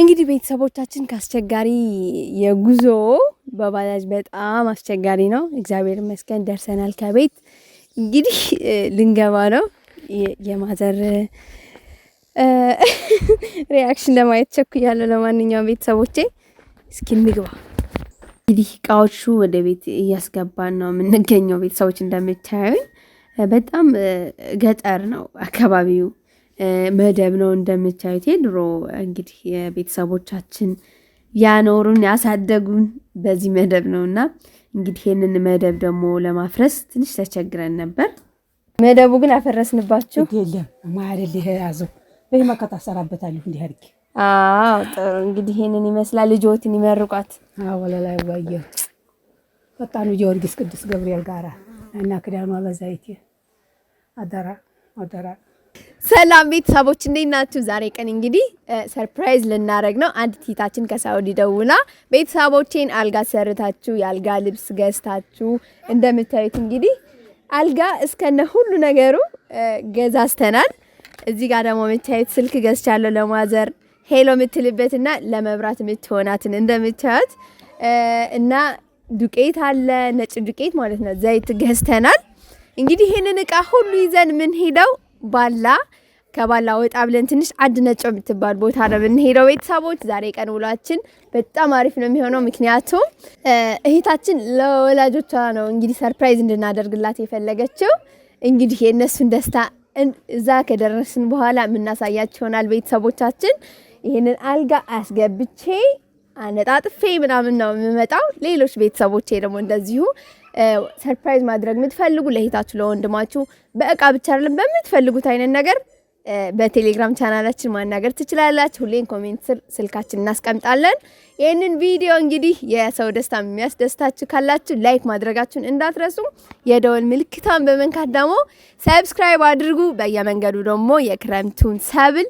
እንግዲህ ቤተሰቦቻችን ከአስቸጋሪ የጉዞ በባጃጅ በጣም አስቸጋሪ ነው። እግዚአብሔር ይመስገን ደርሰናል። ከቤት እንግዲህ ልንገባ ነው። የማዘር ሪያክሽን ለማየት ቸኩያለሁ። ለማንኛውም ቤተሰቦቼ እስኪ እንግባ። እንግዲህ እቃዎቹ ወደ ቤት እያስገባን ነው የምንገኘው። ቤተሰቦች እንደምታዩኝ በጣም ገጠር ነው አካባቢው መደብ ነው እንደምታዩት። ድሮ እንግዲህ የቤተሰቦቻችን ያኖሩን ያሳደጉን በዚህ መደብ ነው እና እንግዲህ ይህንን መደብ ደግሞ ለማፍረስ ትንሽ ተቸግረን ነበር። መደቡ ግን አፈረስንባቸው የለም ማለል የያዘው ይህ መከታ ሰራበታለሁ እንዲህ አድርጌ። አዎ ጥሩ እንግዲህ ይህንን ይመስላል። ልጆትን ይመርቋት ወለላይ ወየ ፈጣኑ ጊዮርጊስ ቅዱስ ገብርኤል ጋራ እና ክዳኗ በዛይት አደራ አደራ ሰላም ቤተሰቦች እንዴት ናችሁ? ዛሬ ቀን እንግዲህ ሰርፕራይዝ ልናደርግ ነው። አንድ ቲታችን ከሳውዲ ደውላ ቤተሰቦቼን አልጋ ሰርታችሁ የአልጋ ልብስ ገዝታችሁ እንደምታዩት እንግዲህ አልጋ እስከነ ሁሉ ነገሩ ገዛዝተናል። እዚህ ጋር ደግሞ የምታዩት ስልክ ገዝቻለሁ ለማዘር ሄሎ የምትልበትና ለመብራት የምትሆናትን እንደምታዩት እና ዱቄት አለ ነጭ ዱቄት ማለት ነው ዘይት ገዝተናል። እንግዲህ ይህንን እቃ ሁሉ ይዘን ምን ሄደው ባላ ከባላ ወጣ ብለን ትንሽ አድ ነጮ የምትባል ቦታ ነው የምንሄደው። ቤተሰቦች ዛሬ ቀን ውሏችን በጣም አሪፍ ነው የሚሆነው። ምክንያቱም እህታችን ለወላጆቿ ነው እንግዲህ ሰርፕራይዝ እንድናደርግላት የፈለገችው። እንግዲህ የእነሱን ደስታ እዛ ከደረስን በኋላ የምናሳያቸው ይሆናል። ቤተሰቦቻችን ይህንን አልጋ አስገብቼ አነጣጥፌ ምናምን ነው የምመጣው። ሌሎች ቤተሰቦቼ ደግሞ እንደዚሁ ሰርፕራይዝ ማድረግ የምትፈልጉ ለእህታችሁ ለወንድማችሁ በእቃ ብቻ አይደለም በምትፈልጉት አይነት ነገር በቴሌግራም ቻናላችን ማናገር ትችላላችሁ። ሁሌን ኮሜንት ስር ስልካችን እናስቀምጣለን። ይህንን ቪዲዮ እንግዲህ የሰው ደስታ የሚያስደስታችሁ ካላችሁ ላይክ ማድረጋችሁን እንዳትረሱ። የደወል ምልክቷን በመንካት ደግሞ ሰብስክራይብ አድርጉ። በየመንገዱ ደግሞ የክረምቱን ሰብል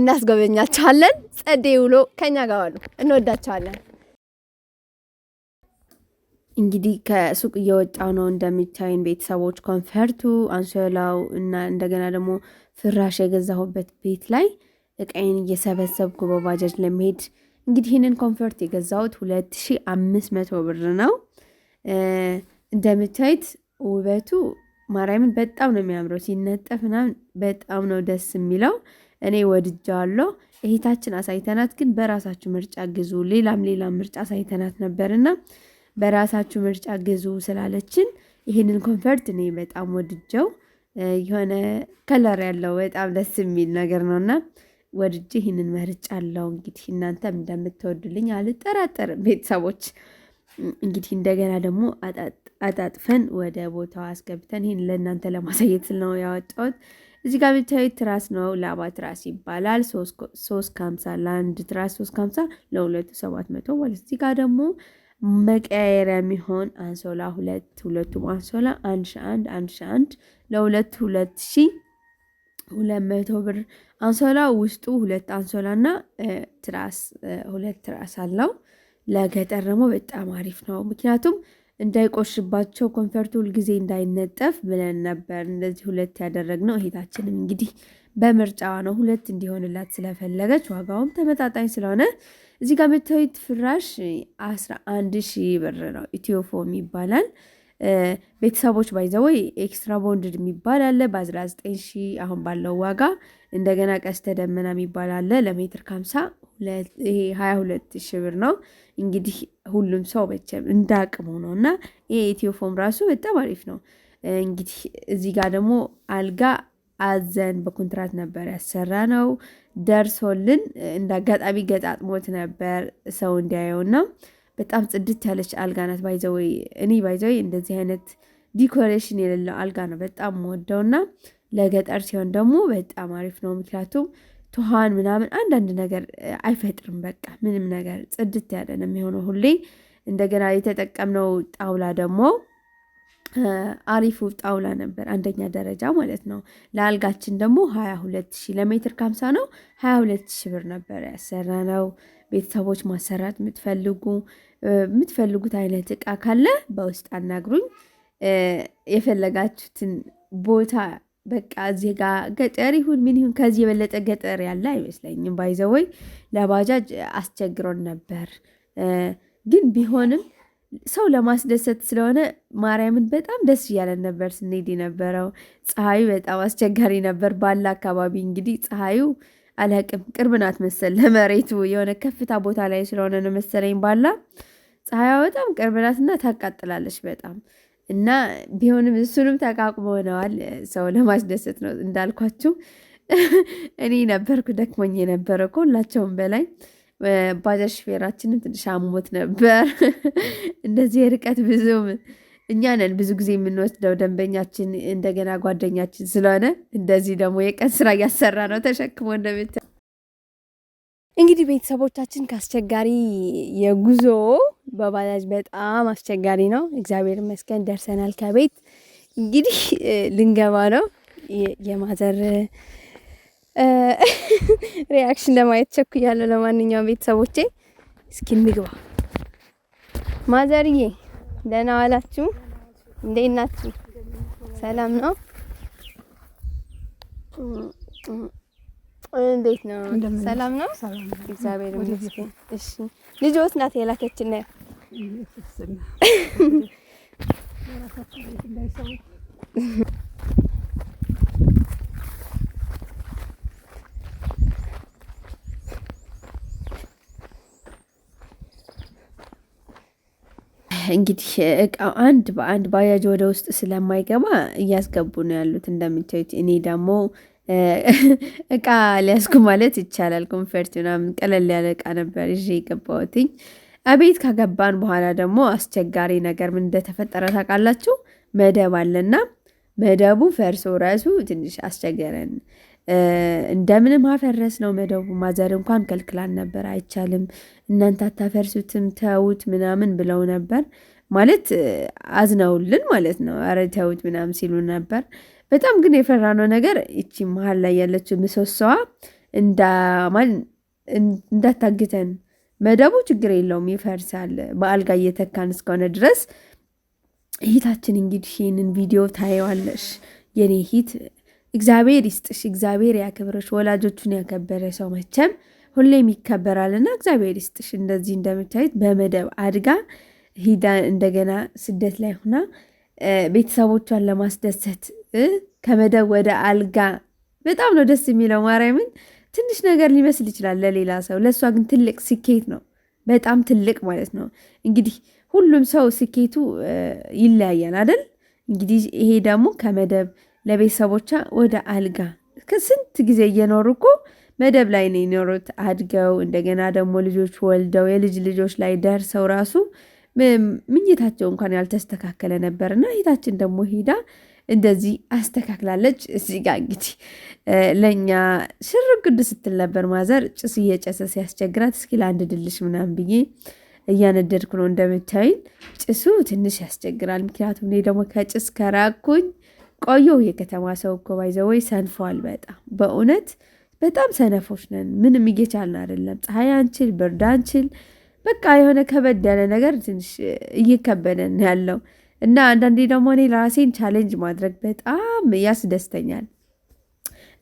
እናስጎበኛችኋለን። ጸደይ ውሎ ከኛ ጋር ዋሉ። እንወዳችኋለን። እንግዲህ ከሱቅ እየወጣው ነው እንደሚታይን ቤተሰቦች ኮንፈርቱ፣ አንሶላው እና እንደገና ደግሞ ፍራሽ የገዛሁበት ቤት ላይ እቃይን እየሰበሰብኩ በባጃጅ ለመሄድ እንግዲህ ይህንን ኮንፈርት የገዛሁት ሁለት ሺ አምስት መቶ ብር ነው። እንደምታዩት ውበቱ ማርያምን በጣም ነው የሚያምረው። ሲነጠፍ ምናምን በጣም ነው ደስ የሚለው። እኔ ወድጃዋለሁ። እህታችን አሳይተናት ግን በራሳችሁ ምርጫ ግዙ፣ ሌላም ሌላም ምርጫ አሳይተናት ነበርና በራሳችሁ ምርጫ ግዙ ስላለችን ይህንን ኮንፈርት እኔ በጣም ወድጀው የሆነ ከለር ያለው በጣም ደስ የሚል ነገር ነውና ወድጄ ይህንን መርጫ አለው። እንግዲህ እናንተም እንደምትወዱልኝ አልጠራጠርም ቤተሰቦች። እንግዲህ እንደገና ደግሞ አጣጥፈን ወደ ቦታው አስገብተን ይህን ለእናንተ ለማሳየት ነው ያወጣሁት። እዚህ ጋር ብቻዊ ትራስ ነው፣ ላባ ትራስ ይባላል። ሶስት ከምሳ ለአንድ ትራስ ሶስት ከምሳ ለሁለቱ ሰባት መቶ ማለት እዚህ ጋር ደግሞ መቀያየሪያ የሚሆን አንሶላ ሁለት ሁለቱም አንሶላ አንድ ሺ አንድ አንድ ሺ አንድ ለሁለት ሁለት ሺ ሁለት መቶ ብር አንሶላ ውስጡ ሁለት አንሶላና ትራስ ሁለት ትራስ አለው። ለገጠር ደግሞ በጣም አሪፍ ነው። ምክንያቱም እንዳይቆሽባቸው ኮንፈርቱ ሁልጊዜ እንዳይነጠፍ ብለን ነበር እንደዚህ ሁለት ያደረግነው። እህታችንም እንግዲህ በምርጫዋ ነው ሁለት እንዲሆንላት ስለፈለገች ዋጋውም ተመጣጣኝ ስለሆነ እዚህ ጋር የምታዩት ፍራሽ አንድ ሺህ ብር ነው። ኢትዮፎም ይባላል። ቤተሰቦች ባይዘወይ ኤክስትራ ቦንድድ የሚባል አለ በ19 ሺ አሁን ባለው ዋጋ። እንደገና ቀስተ ደመና የሚባል አለ ለሜትር ከሀምሳ ይሄ 22 ሺህ ብር ነው። እንግዲህ ሁሉም ሰው መቼም እንዳቅሙ ነው እና ይሄ ኢትዮፎም ራሱ በጣም አሪፍ ነው። እንግዲህ እዚህ ጋር ደግሞ አልጋ አዘን በኮንትራት ነበር ያሰራ ነው ደርሶልን እንደ አጋጣሚ ገጣጥሞት ነበር ሰው እንዲያየው ና በጣም ጽድት ያለች አልጋ ናት። ባይዘወይ እኔ ባይዘወይ እንደዚህ አይነት ዲኮሬሽን የሌለው አልጋ ነው በጣም ና ለገጠር ሲሆን ደግሞ በጣም አሪፍ ነው። ምክንያቱም ትኋን ምናምን አንዳንድ ነገር አይፈጥርም። በቃ ምንም ነገር ጽድት ያለ ነው የሚሆነው ሁሌ። እንደገና የተጠቀምነው ጣውላ ደግሞ አሪፉ ጣውላ ነበር፣ አንደኛ ደረጃ ማለት ነው። ለአልጋችን ደግሞ ሀያ ሁለት ሺ ለሜትር ካምሳ ነው ሀያ ሁለት ሺ ብር ነበር ያሰራ ነው። ቤተሰቦች ማሰራት የምትፈልጉ የምትፈልጉት አይነት እቃ ካለ በውስጥ አናግሩኝ። የፈለጋችሁትን ቦታ በቃ እዚህ ጋ ገጠር ይሁን ምን ይሁን ከዚህ የበለጠ ገጠር ያለ አይመስለኝም። ባይዘወይ ለባጃጅ አስቸግሮን ነበር ግን ቢሆንም ሰው ለማስደሰት ስለሆነ ማርያምን በጣም ደስ እያለን ነበር ስንሄድ የነበረው። ፀሐዩ በጣም አስቸጋሪ ነበር። ባለ አካባቢ እንግዲህ ፀሐዩ አላቅም ቅርብ ናት መሰል ለመሬቱ የሆነ ከፍታ ቦታ ላይ ስለሆነ ነው መሰለኝ ባላ ፀሐያ በጣም ቅርብ ናት እና ታቃጥላለች በጣም እና ቢሆንም እሱንም ተቃቅሞ ሆነዋል። ሰው ለማስደሰት ነው እንዳልኳችሁ። እኔ ነበርኩ ደክሞኝ የነበረ ከሁላቸውም በላይ ባጃጅ ሹፌራችንም ትንሽ አሞት ነበር። እንደዚህ የርቀት ብዙም እኛ ነን ብዙ ጊዜ የምንወስደው ደንበኛችን እንደገና ጓደኛችን ስለሆነ እንደዚህ ደግሞ የቀን ስራ እያሰራ ነው ተሸክሞ እንደምታ እንግዲህ ቤተሰቦቻችን ከአስቸጋሪ የጉዞ በባጃጅ በጣም አስቸጋሪ ነው። እግዚአብሔር ይመስገን ደርሰናል። ከቤት እንግዲህ ልንገባ ነው የማዘር ሪያክሽን ለማየት ቸኩያለሁ። ለማንኛውም ቤተሰቦቼ እስኪ እንግባ። ማዘርዬ ደህና ዋላችሁ? እንዴት ናችሁ? ሰላም ነው? እንዴት ነው? ሰላም ነው? እግዚአብሔር ይመስገን። እሺ ልጅ ወስ ናት የላከችን ነው እንግዲህ እቃ አንድ በአንድ ባጃጅ ወደ ውስጥ ስለማይገባ እያስገቡ ነው ያሉት። እንደምታዩት እኔ ደግሞ እቃ ሊያስኩ ማለት ይቻላል። ኮንፈርት ምናምን ቀለል ያለ እቃ ነበር ይዤ የገባሁትኝ። አቤት ከገባን በኋላ ደግሞ አስቸጋሪ ነገር ምን እንደተፈጠረ ታውቃላችሁ? መደብ አለና መደቡ ፈርሶ ራሱ ትንሽ አስቸገረን። እንደምንም አፈረስ ነው መደቡ። ማዘር እንኳን ከልክላን ነበር፣ አይቻልም እናንተ አታፈርሱትም ተውት ምናምን ብለው ነበር ማለት አዝነውልን ማለት ነው። ረ ተውት ምናምን ሲሉ ነበር። በጣም ግን የፈራነው ነገር እቺ መሀል ላይ ያለችው ምሰሶዋ እንዳታግተን። መደቡ ችግር የለውም ይፈርሳል፣ በአልጋ እየተካን እስከሆነ ድረስ እህታችን እንግዲህ ይህንን ቪዲዮ ታየዋለሽ የኔ ሂት እግዚአብሔር ይስጥሽ፣ እግዚአብሔር ያክብርሽ። ወላጆቹን ያከበረ ሰው መቼም ሁሌም ይከበራልና እግዚአብሔር ይስጥሽ። እንደዚህ እንደምታዩት በመደብ አድጋ ሂዳ እንደገና ስደት ላይ ሆና ቤተሰቦቿን ለማስደሰት ከመደብ ወደ አልጋ በጣም ነው ደስ የሚለው። ማርያምን ትንሽ ነገር ሊመስል ይችላል ለሌላ ሰው፣ ለእሷ ግን ትልቅ ስኬት ነው። በጣም ትልቅ ማለት ነው። እንግዲህ ሁሉም ሰው ስኬቱ ይለያያል አይደል? እንግዲህ ይሄ ደግሞ ከመደብ ለቤተሰቦቿ ወደ አልጋ ከስንት ጊዜ እየኖሩ እኮ መደብ ላይ ነው የኖሩት። አድገው እንደገና ደግሞ ልጆች ወልደው የልጅ ልጆች ላይ ደርሰው ራሱ ምኝታቸው እንኳን ያልተስተካከለ ነበር እና እህታችን ደግሞ ሂዳ እንደዚህ አስተካክላለች። እዚህ ጋ እንግዲህ ለእኛ ሽር ጉድ ስትል ነበር ማዘር ጭስ እየጨሰ ሲያስቸግራት፣ እስኪ ለአንድ ድልሽ ምናምን ብዬ እያነደድኩ ነው። እንደምታይን ጭሱ ትንሽ ያስቸግራል። ምክንያቱም እኔ ደግሞ ከጭስ ከራኩኝ ቆየው የከተማ ሰው እኮ ባይዘወይ ሰንፏል። በጣም በእውነት በጣም ሰነፎች ነን። ምንም እየቻልን አይደለም። ፀሐይ አንችል፣ ብርድ አንችል። በቃ የሆነ ከበድ ያለ ነገር ትንሽ እየከበደን ያለው እና አንዳንዴ ደግሞ እኔ ለራሴን ቻሌንጅ ማድረግ በጣም ያስደስተኛል።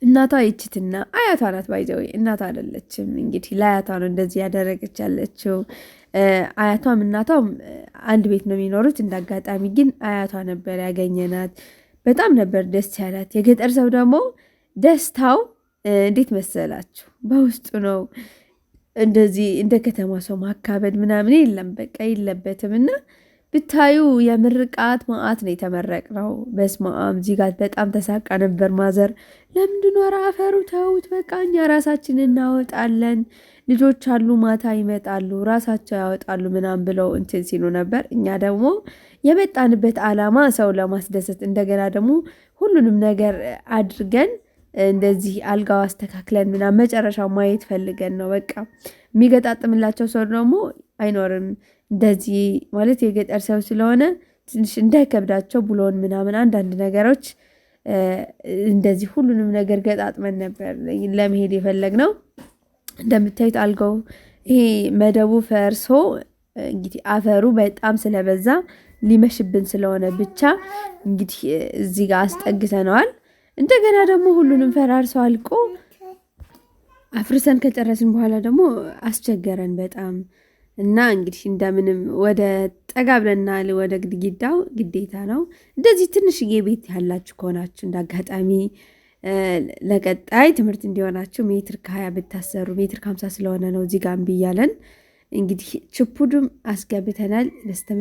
እናቷ ይችትና አያቷ ናት። ባይዘው እናቷ አይደለችም እንግዲህ ለአያቷ ነው እንደዚህ ያደረገች ያለችው። አያቷም እናቷም አንድ ቤት ነው የሚኖሩት። እንዳጋጣሚ ግን አያቷ ነበር ያገኘናት። በጣም ነበር ደስ ያላት። የገጠር ሰው ደግሞ ደስታው እንዴት መሰላችሁ? በውስጡ ነው። እንደዚህ እንደ ከተማ ሰው ማካበድ ምናምን የለም፣ በቃ የለበትም። እና ብታዩ የምርቃት ማአት ነው የተመረቅነው። በስመ አብ ዚጋት በጣም ተሳቃ ነበር። ማዘር ለምንድን አፈሩ ተውት፣ በቃ እኛ ራሳችን እናወጣለን ልጆች አሉ ማታ ይመጣሉ ራሳቸው ያወጣሉ ምናምን ብለው እንትን ሲሉ ነበር። እኛ ደግሞ የመጣንበት ዓላማ ሰው ለማስደሰት እንደገና ደግሞ ሁሉንም ነገር አድርገን እንደዚህ አልጋው አስተካክለን ምናምን መጨረሻው ማየት ፈልገን ነው። በቃ የሚገጣጥምላቸው ሰው ደግሞ አይኖርም። እንደዚህ ማለት የገጠር ሰው ስለሆነ ትንሽ እንዳይከብዳቸው ብሎን ምናምን አንዳንድ ነገሮች እንደዚህ ሁሉንም ነገር ገጣጥመን ነበር ለመሄድ የፈለግ ነው። እንደምታዩት አልጋው ይሄ መደቡ ፈርሶ እንግዲህ አፈሩ በጣም ስለበዛ ሊመሽብን ስለሆነ ብቻ እንግዲህ እዚህ ጋር አስጠግተነዋል። እንደገና ደግሞ ሁሉንም ፈራርሰው አልቆ አፍርሰን ከጨረስን በኋላ ደግሞ አስቸገረን በጣም እና እንግዲህ እንደምንም ወደ ጠጋ ብለናል። ወደ ግድግዳው ግዴታ ነው። እንደዚህ ትንሽዬ ቤት ያላችሁ ከሆናችሁ እንዳጋጣሚ ለቀጣይ ትምህርት እንዲሆናችሁ ሜትር ከሀያ ብታሰሩ ሜትር ከሀምሳ ስለሆነ ነው እዚህ ጋር እምቢ እያለን እንግዲህ ችፑዱም አስገብተናል።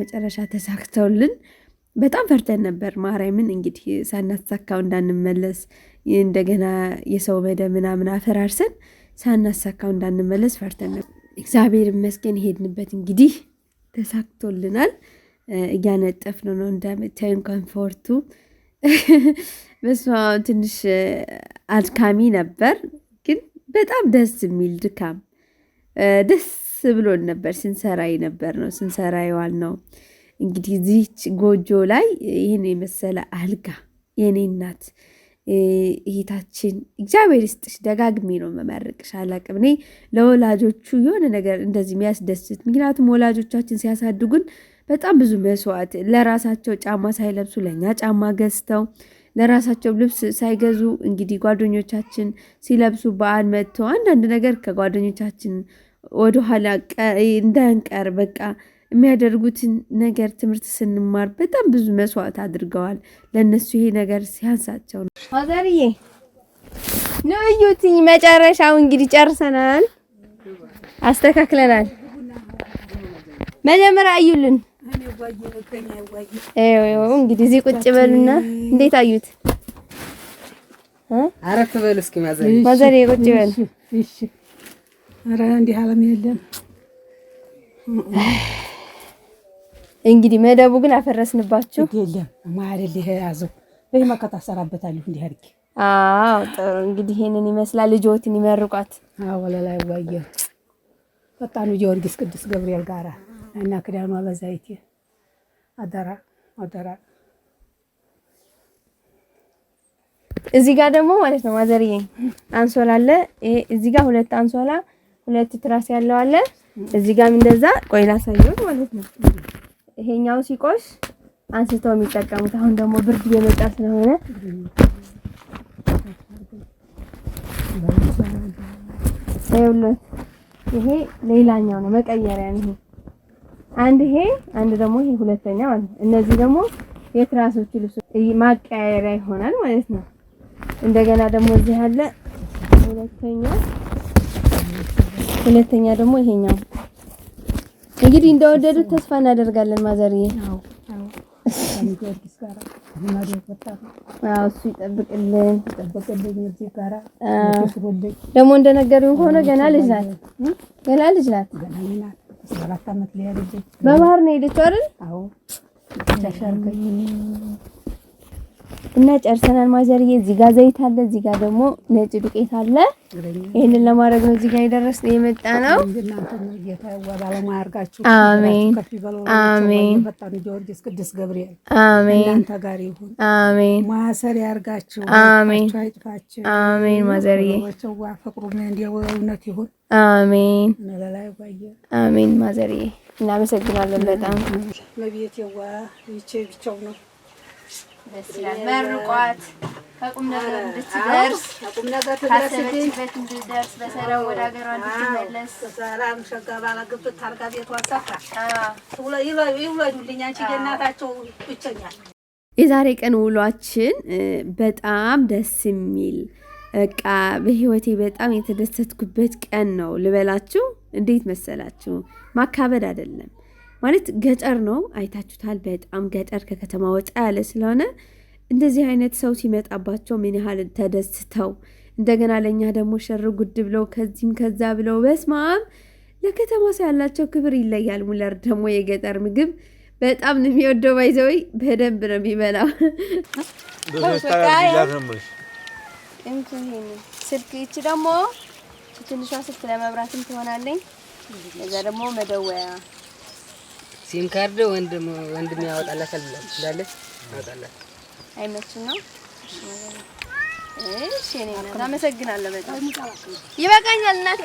መጨረሻ ተሳክተውልን በጣም ፈርተን ነበር። ማርያምን እንግዲህ ሳናሳካው እንዳንመለስ እንደገና የሰው በደ ምናምን አፈራርሰን ሳናሳካው እንዳንመለስ ፈርተን ነበር። እግዚአብሔር ይመስገን ሄድንበት እንግዲህ ተሳክቶልናል። እያነጠፍነው ነው እንደምታዩን ኮንፎርቱ በስመ አብ ትንሽ አድካሚ ነበር፣ ግን በጣም ደስ የሚል ድካም ደስ ብሎን ነበር ስንሰራ ነበር ነው ስንሰራ የዋል ነው። እንግዲህ እዚች ጎጆ ላይ ይህን የመሰለ አልጋ የኔ እናት ይሄታችን እግዚአብሔር ይስጥሽ። ደጋግሜ ነው መመርቅሽ። አላቅም እኔ ለወላጆቹ የሆነ ነገር እንደዚህ የሚያስደስት ምክንያቱም ወላጆቻችን ሲያሳድጉን በጣም ብዙ መስዋዕት ለራሳቸው ጫማ ሳይለብሱ ለእኛ ጫማ ገዝተው ለራሳቸው ልብስ ሳይገዙ እንግዲህ ጓደኞቻችን ሲለብሱ በዓል መጥቶ አንዳንድ ነገር ከጓደኞቻችን ወደኋላ እንዳንቀር በቃ የሚያደርጉትን ነገር ትምህርት ስንማር በጣም ብዙ መስዋዕት አድርገዋል። ለእነሱ ይሄ ነገር ሲያንሳቸው ነው። ማዘርዬ ንዩትኝ መጨረሻው እንግዲህ ጨርሰናል፣ አስተካክለናል። መጀመሪያ እዩልን። እንግዲህ እዚህ ቁጭ በሉና እንዴት አዩት? አረፍ በል እስኪ ማዘር ቁጭ በል። ኧረ እንዲህ አለም የለም። እንግዲህ መደቡ ግን አፈረስንባችሁ። የለም ማደል ይሄ ያዘው ይሄ መከታ ሰራበታለሁ እንዲህ አድርጌ። አዎ ጥሩ እንግዲህ ይሄንን ይመስላል። ልጆትን ይመርቋት። አዎ ወለላ ይዋየ ፈጣኑ ጊዮርጊስ ቅዱስ ገብርኤል ጋራ እና ክዳኗ በዘይት አደራ አደራ። እዚህ ጋር ደግሞ ማለት ነው ማዘርዬ አንሶላ አለ። ይሄ እዚህ ጋር ሁለት አንሶላ ሁለት ትራስ ያለው አለ። እዚህ ጋር እንደዛ ቆይ ላሳየው ማለት ነው። ይሄኛው ሲቆሽ አንስተው የሚጠቀሙት አሁን ደግሞ ብርድ የመጣ ስለሆነ ይሄ ሌላኛው ነው መቀየሪያ ነው። አንድ ይሄ አንድ ደግሞ ይሄ ሁለተኛ ማለት ነው። እነዚህ ደግሞ የትራሶቹ ልብሶች ማቀያየሪያ ይሆናል ማለት ነው። እንደገና ደግሞ እዚህ ያለ ሁለተኛ ሁለተኛ ደግሞ ይሄኛው እንግዲህ እንደወደዱት ተስፋ እናደርጋለን። ማዘርዬ እሱ ይጠብቅልን ደግሞ እንደነገሩኝ ከሆነ ገና ልጅ ናት፣ ገና ልጅ ናት። አራት ዓመት ላይ በባህር ነው የሄደችው አይደል? አዎ። እና ጨርሰናል። ማዘርዬ እዚህ ጋር ዘይት አለ፣ እዚህ ጋር ደግሞ ነጭ ዱቄት አለ። ይህንን ለማድረግ ነው እዚህ ጋር ነው የመጣ ነው። አሜን አሜን። ገብርኤል እናንተ ማሰር ያርጋችሁ። አሜን። ማዘርዬ እውነት ይሁን። አሜን። አሜን። ማዘርዬ እናመሰግናለን በጣም ለቤት ይቼ ብቻው ነው ደስ ይላል። መርቋት ከቁም ነገር እንድትደርስ ካሰበችበት እንድትደርስ በሰላም ወደ ሀገሯ እንድትመለስ ሸጋ ታርጋ ቤቷ ይውለዱልኝ አንቺ የእናታቸው የዛሬ ቀን ውሏችን በጣም ደስ የሚል በቃ በህይወቴ በጣም የተደሰትኩበት ቀን ነው ልበላችሁ። እንዴት መሰላችሁ? ማካበድ አይደለም ማለት ገጠር ነው አይታችሁታል። በጣም ገጠር ከከተማ ወጣ ያለ ስለሆነ እንደዚህ አይነት ሰው ሲመጣባቸው ምን ያህል ተደስተው እንደገና ለእኛ ደግሞ ሸር ጉድ ብለው ከዚህም ከዛ ብለው በስማም ለከተማ ሰው ያላቸው ክብር ይለያል። ሙለር ደግሞ የገጠር ምግብ በጣም ነው የሚወደው። ባይዘወይ በደንብ ነው የሚበላው። ስልክ ይቺ ደግሞ ትንሿ ስልክ ለመብራትም ትሆናለኝ። እዛ ደግሞ መደወያ ሲም ካርድ ወንድም ወንድም ያወጣላታል ብላለች። ያወጣላት አይመችም ነው። እሺ፣ እኔ አመሰግናለሁ በጣም ይበቃኛል። እናቴ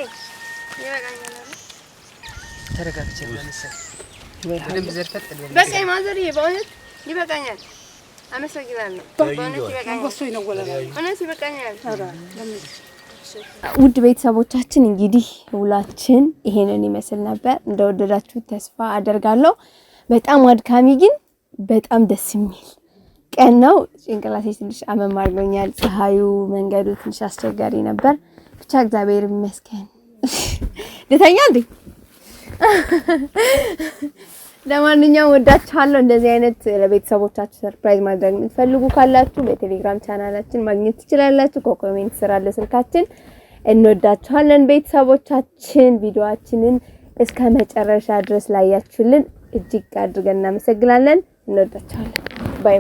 ይበቃኛል። ተረጋግቼ ለምሳሌ ምንም ዘርፈት ቅድም በቃ ማዘርዬ፣ በእውነት ይበቃኛል። አመሰግናለሁ። በእውነት ይበቃኛል። እውነት ይበቃኛል። ለምን ውድ ቤተሰቦቻችን እንግዲህ ውላችን ይሄንን ይመስል ነበር። እንደወደዳችሁ ተስፋ አደርጋለሁ። በጣም አድካሚ ግን በጣም ደስ የሚል ቀን ነው። ጭንቅላቴ ትንሽ አመም አድርጎኛል። ፀሐዩ፣ መንገዱ ትንሽ አስቸጋሪ ነበር። ብቻ እግዚአብሔር ይመስገን። ልተኛ እንዴ? ለማንኛውም ወዳችኋለሁ። እንደዚህ አይነት ለቤተሰቦቻችሁ ሰርፕራይዝ ማድረግ የምትፈልጉ ካላችሁ በቴሌግራም ቻናላችን ማግኘት ትችላላችሁ። ኮኮሜንት ስራለ ስልካችን። እንወዳችኋለን። ቤተሰቦቻችን ቪዲዮአችንን እስከ መጨረሻ ድረስ ላያችሁልን እጅግ አድርገን እናመሰግናለን። እንወዳችኋለን።